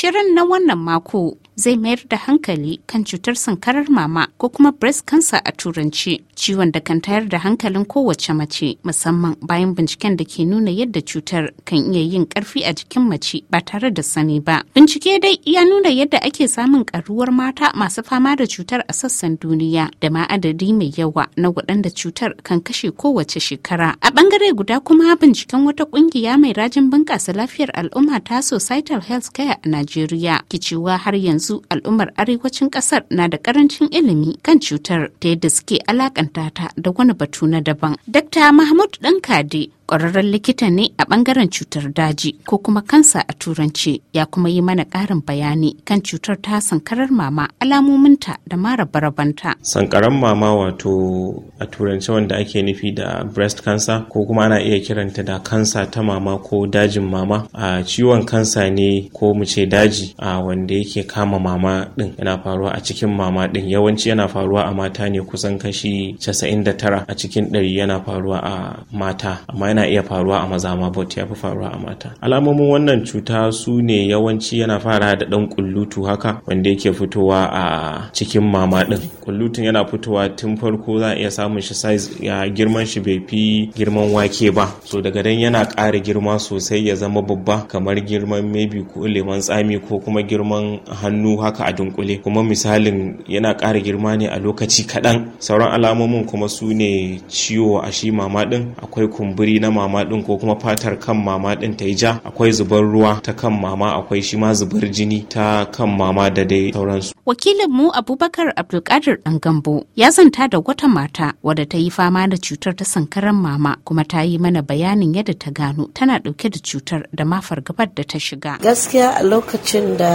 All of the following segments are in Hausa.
shirin na wannan mako. zai mayar da hankali kan cutar sankarar mama ko kuma breast cancer a turanci ciwon da kan tayar da hankalin kowace mace musamman bayan binciken da ke nuna yadda cutar kan iya yin karfi a jikin mace ba tare da sani ba bincike dai ya nuna yadda ake samun karuwar mata masu fama da cutar a sassan duniya da ma adadi mai yawa na waɗanda cutar kan kashe kowace shekara a bangare guda kuma binciken wata kungiya mai rajin bunƙasa lafiyar al'umma ta societal health care a najeriya ke cewa har yanzu wasu al'ummar arewacin kasar na da karancin ilimi kan cutar ta yadda suke alakanta ta da wani batu na daban. Dr. Mahmud Dankade kwararren likita ne a bangaren cutar daji ko kuma kansa a turance ya kuma yi mana ƙarin bayani kan cutar ta sankarar mama alamominta da mara barabanta. Sankarar mama wato a turanci wanda ake nufi da breast cancer ko kuma ana iya kiranta da kansa ta mama ko dajin mama a ciwon kansa ne ko mu ce daji a wanda yake kama mama din yana faruwa a cikin mama din yawanci yana faruwa a mata ne kusan kashi 99 a cikin 100 yana faruwa a mata amma yana yana iya faruwa a maza ma bot ya fi faruwa a mata alamomin wannan cuta su ne yawanci yana fara da dan kullutu haka wanda yake fitowa a cikin mama din kullutun yana fitowa tun farko za a iya samun shi size ya girman shi bai fi girman wake ba so daga dan yana ƙara girma sosai ya zama babba kamar girman maybe ko leman tsami ko kuma girman hannu haka a dunkule kuma misalin yana ƙara girma ne a lokaci kaɗan sauran alamomin kuma su ne ciwo a shi mama din akwai kumburi na na mama din ko kuma fatar kan mama din ta yi ja akwai zubar ruwa ta kan mama akwai shi ma zubar jini ta kan mama da dai sauransu wakilin mu abubakar abdulkadir dan gambo ya zanta da wata mata wadda ta yi fama da cutar ta sankaran mama kuma ta yi mana bayanin yadda ta gano tana dauke da cutar da ma fargabar da ta shiga gaskiya a lokacin da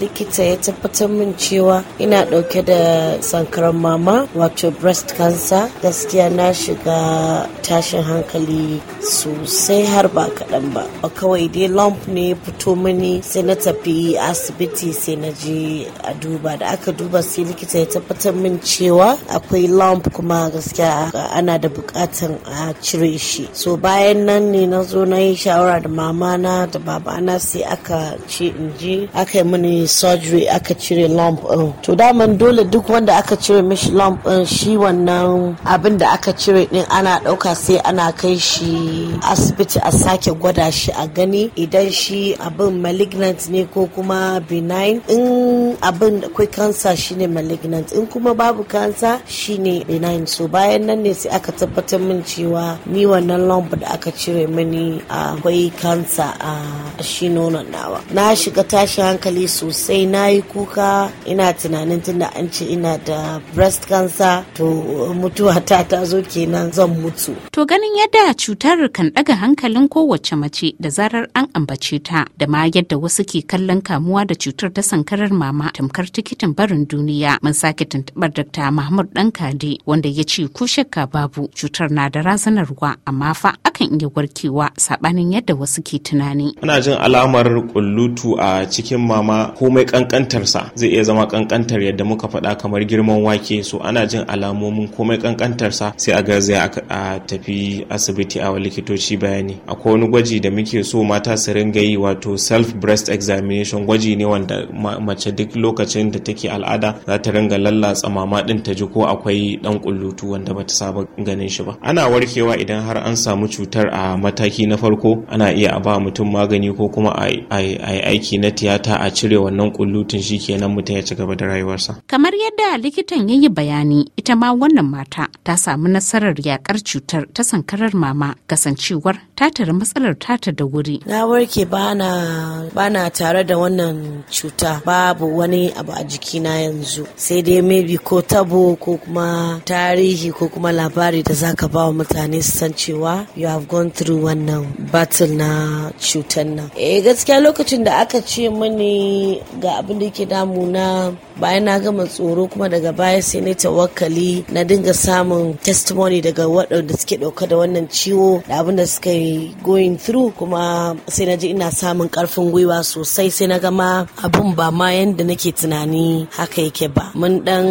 likita ya tabbatar min cewa ina dauke da sankaran mama wato breast cancer gaskiya na shiga tashin hankali sosai har ba kaɗan ba kawai dai lump ne fito mini sai na tafi asibiti sai na je a duba da aka duba sai likita ya tabbatar min cewa akwai lump kuma gaskiya ana da bukatan a cire shi so bayan nan ne na zo na yi shawara da mama na da baba na sai aka ce in je aka yi mini surgery aka cire lump din to daman dole duk wanda aka cire mishi lump din shi wannan abin da aka cire din ana ɗauka sai ana kai shi asibiti a sake gwada shi a gani idan shi abin malignant ne ko kuma benign in abin akwai kansa shine malignant in kuma babu kansa shine benign so bayan nan ne sai aka tabbatar min cewa ni wannan lump da aka cire mini akwai kansa a shi nonon nawa na shiga tashin hankali sosai na yi kuka ina tunanin tunda an ce ina da breast cancer to mutuwa ta ta zo kenan zan mutu to ganin yadda cutar Kabiru kan ɗaga hankalin kowace mace da zarar an ambace ta da ma yadda wasu ke kallon kamuwa da cutar ta sankarar mama tamkar tikitin barin duniya. Mun sake tuntuɓar Dr. Mahmud kade wanda ya ce ko shakka babu cutar na da razanarwa amma fa akan iya warkewa sabanin yadda wasu ke tunani. Ana jin alamar kullutu a cikin mama komai kankantarsa zai iya zama kankantar yadda muka faɗa kamar girman wake so ana jin alamomin komai kankantarsa sai a garzaya a tafi asibiti a wali likitoci bayani akwai wani gwaji da muke so mata su ringa yi wato self breast examination gwaji ne wanda mace duk lokacin da take al'ada za ta ringa lallatsa mama din ta ji ko akwai dan kullutu wanda bata saba ganin shi ba ana warkewa idan har an samu cutar a mataki na farko ana iya a ba mutum magani ko kuma a yi aiki na tiyata a cire wannan kullutun shikenan mutum ya ci gaba da rayuwarsa kamar yadda likitan ya yi bayani ita ma wannan mata ta samu nasarar yakar cutar ta sankarar mama ga kasancewar ta matsalar tatar da wuri. Na warke bana bana tare da wannan cuta babu wani abu a jikina yanzu sai dai maybe ko tabo ko kuma tarihi ko kuma labari da zaka ba wa mutane su san cewa you have gone through wannan battle na cutan nan. Eh gaskiya lokacin da aka ce mini ga abin da yake damuna bayan na gama tsoro kuma daga baya sai na tawakali na dinga samun testimony daga waɗanda suke ɗauka da wannan ciwo da abin da suka yi going through kuma sai na ji ina samun karfin gwiwa sosai sai na gama abun ba ma yadda nake tunani haka yake ba mun dan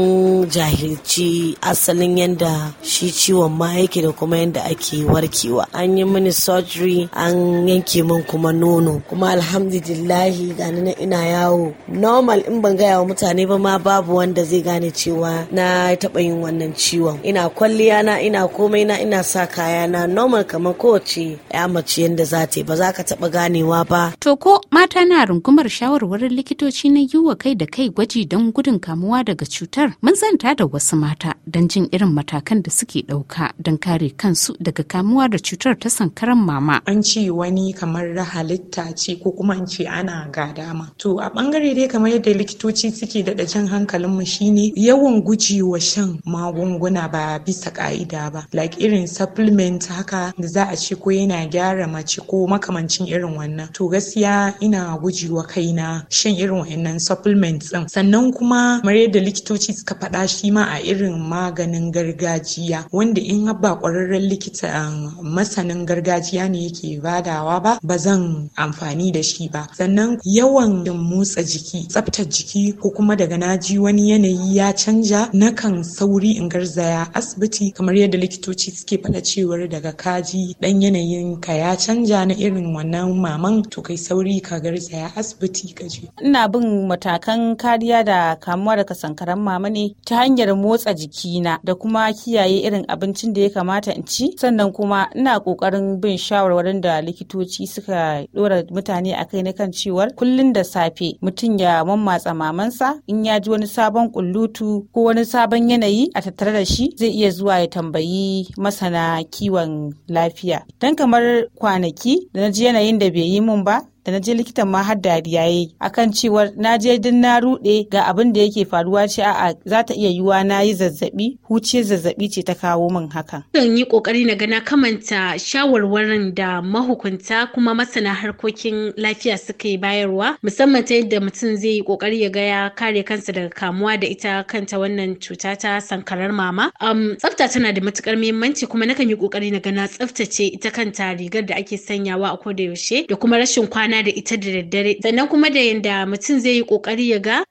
jahilci asalin yadda shi ciwon ma yake da kuma yadda ake warkewa an yi mini surgery an yanke min kuma nono kuma alhamdulillahi gani na ina yawo normal in ban gaya wa mutane ba ma babu wanda zai gane cewa na taɓa yin wannan ciwon ina kwalliya na ina komai na ina sa kaya na normal kamar kuma kowace ya mace yadda za ta yi ba za ka taɓa ganewa ba. To ko mata na rungumar shawarwarin likitoci na yiwa kai da kai gwaji don gudun kamuwa daga cutar mun zanta da wasu mata don jin irin matakan da suke ɗauka don kare kansu daga kamuwa da cutar ta sankaran mama. An ce wani kamar halitta ce ko kuma an ce ana ga dama To a bangare dai kamar yadda likitoci suke daɗa jan mu shine yawan gujewa shan magunguna ba bisa ƙa'ida ba. Like irin supplement haka da za a ce ko yana gyara mace ko makamancin irin wannan to gaskiya ina gujewa kaina shan irin wannan supplements din sannan kuma kamar yadda likitoci suka faɗa shi ma a irin maganin gargajiya wanda in ba ƙwararren likita um, masanin gargajiya ne yake badawa ba ba zan amfani da shi ba sannan yawan motsa jiki tsaftar jiki ko kuma daga naji wani yanayi ya canja nakan sauri in garzaya asibiti kamar yadda likitoci suke faɗa cewar daga kaji dan yanayin ka ya canja na irin wannan maman to kai sauri ka garzaya asibiti ka je ina bin matakan kariya da kamuwa daga sankaran mama ne ta hanyar motsa jiki na da kuma kiyaye irin abincin da ya kamata in ci sannan kuma ina kokarin bin shawarwarin da likitoci suka dora mutane a kai na kan cewar Kullum da safe mutum ya mammatsa mamansa in ya ji wani sabon kullutu ko wani sabon yanayi a tattare da shi zai iya zuwa ya tambayi masana kiwon lafiya lafiya. Dan kamar kwanaki da na ji yanayin da bai yi mun ba da na je likitan ma har dariya ya a akan cewar na je din na rude ga abin da yake faruwa ce a za ta iya yiwa na yi zazzabi huce zazzabi ce ta kawo min haka. Zan yi kokari na gana kamanta shawarwarin da mahukunta kuma masana harkokin lafiya suka yi bayarwa musamman ta yadda mutum zai yi kokari ya ga ya kare kansa daga kamuwa da ita kanta wannan cuta ta sankarar mama. tsafta tana da matukar muhimmanci kuma nakan yi kokari na gana tsaftace ita kanta rigar da ake sanyawa a koda yaushe da kuma rashin kwana kwana da ita da daddare sannan kuma da yadda mutum zai yi kokari ya ga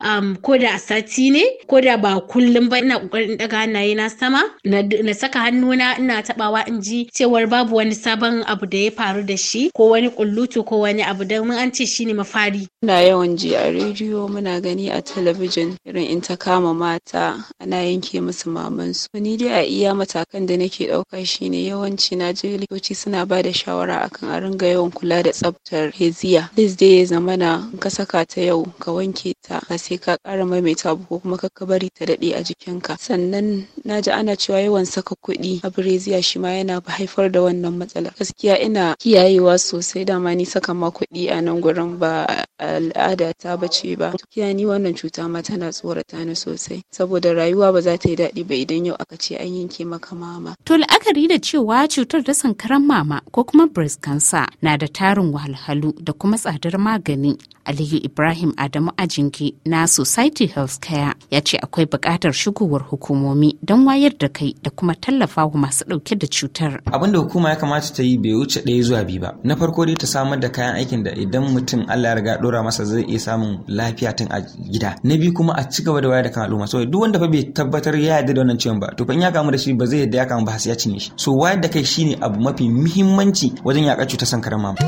ko da a sati ne ko da ba kullum ba ina kokarin daga hannaye na sama na saka hannuna ina tabawa in ji cewar babu wani sabon abu da ya faru da shi ko wani kullutu ko wani abu da mun an ce shi ne mafari ina yawan ji a rediyo muna gani a talabijin irin in ta kama mata ana yanke musu maman su ni dai a iya matakan da nake ɗauka shine yawanci na ji likitoci suna ba da shawara akan a ringa yawan kula da tsaftar hezi iya lis dai ya zamana na ka saka ta yau ka wanke ta ka sai ka kara maimaita ba ko kuma ka bari ta daɗe a jikinka sannan na ji ana cewa yawan saka kuɗi a bireziya shi ma yana haifar da wannan matsala gaskiya ina kiyayewa sosai dama ni saka ma kuɗi a nan gurin ba al'ada ta bace ba gaskiya ni wannan cuta ma tana tsorata ni sosai saboda rayuwa ba za ta yi daɗi ba idan yau aka ce an yanke maka mama to la'akari da cewa cutar da sankaran mama ko kuma breast cancer na da tarin wahalhalu da kuma tsadar magani aliyu ibrahim adamu ajinki na society healthcare ya ce akwai buƙatar shigowar hukumomi don wayar da kai da kuma tallafa wa masu ɗauke da cutar abin da hukuma ya kamata ta yi bai wuce ɗaya zuwa biyu ba na farko dai ta samar da kayan aikin da idan mutum allah ya riga ɗora masa zai iya samun lafiya tun a gida na biyu kuma a ci gaba da wayar da kan al'umma saboda duk wanda fa bai tabbatar ya yarda da wannan ciwon ba to fa in ya kamu da shi ba zai yarda ya kamu ba sai ya cinye shi so wayar da kai shine abu mafi muhimmanci wajen yaƙar cutar sankarar mama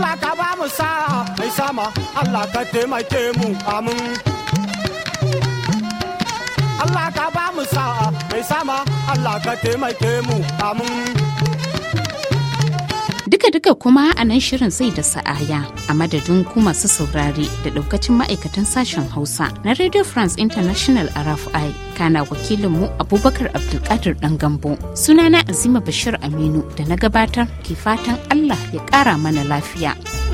Allah ka ba mu sa'a mai sama Allah ka taimake mu amin Allah ka ba mu sa'a mai sama Allah ka taimake mu amin Duka-duka kuma a nan shirin sai da sa'aya a madadin ku masu saurari da daukacin ma'aikatan sashen Hausa na Radio France International RFI kana wakilinmu Abubakar Abdulkadir dan Gambo. Sunana Azima Bashir Aminu da na gabatar ke fatan Allah ya ƙara mana lafiya.